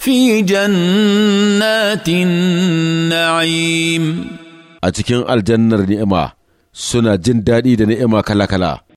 fi jannatin na'im a cikin aljannar ni'ima suna jin daɗi da ni'ima kala-kala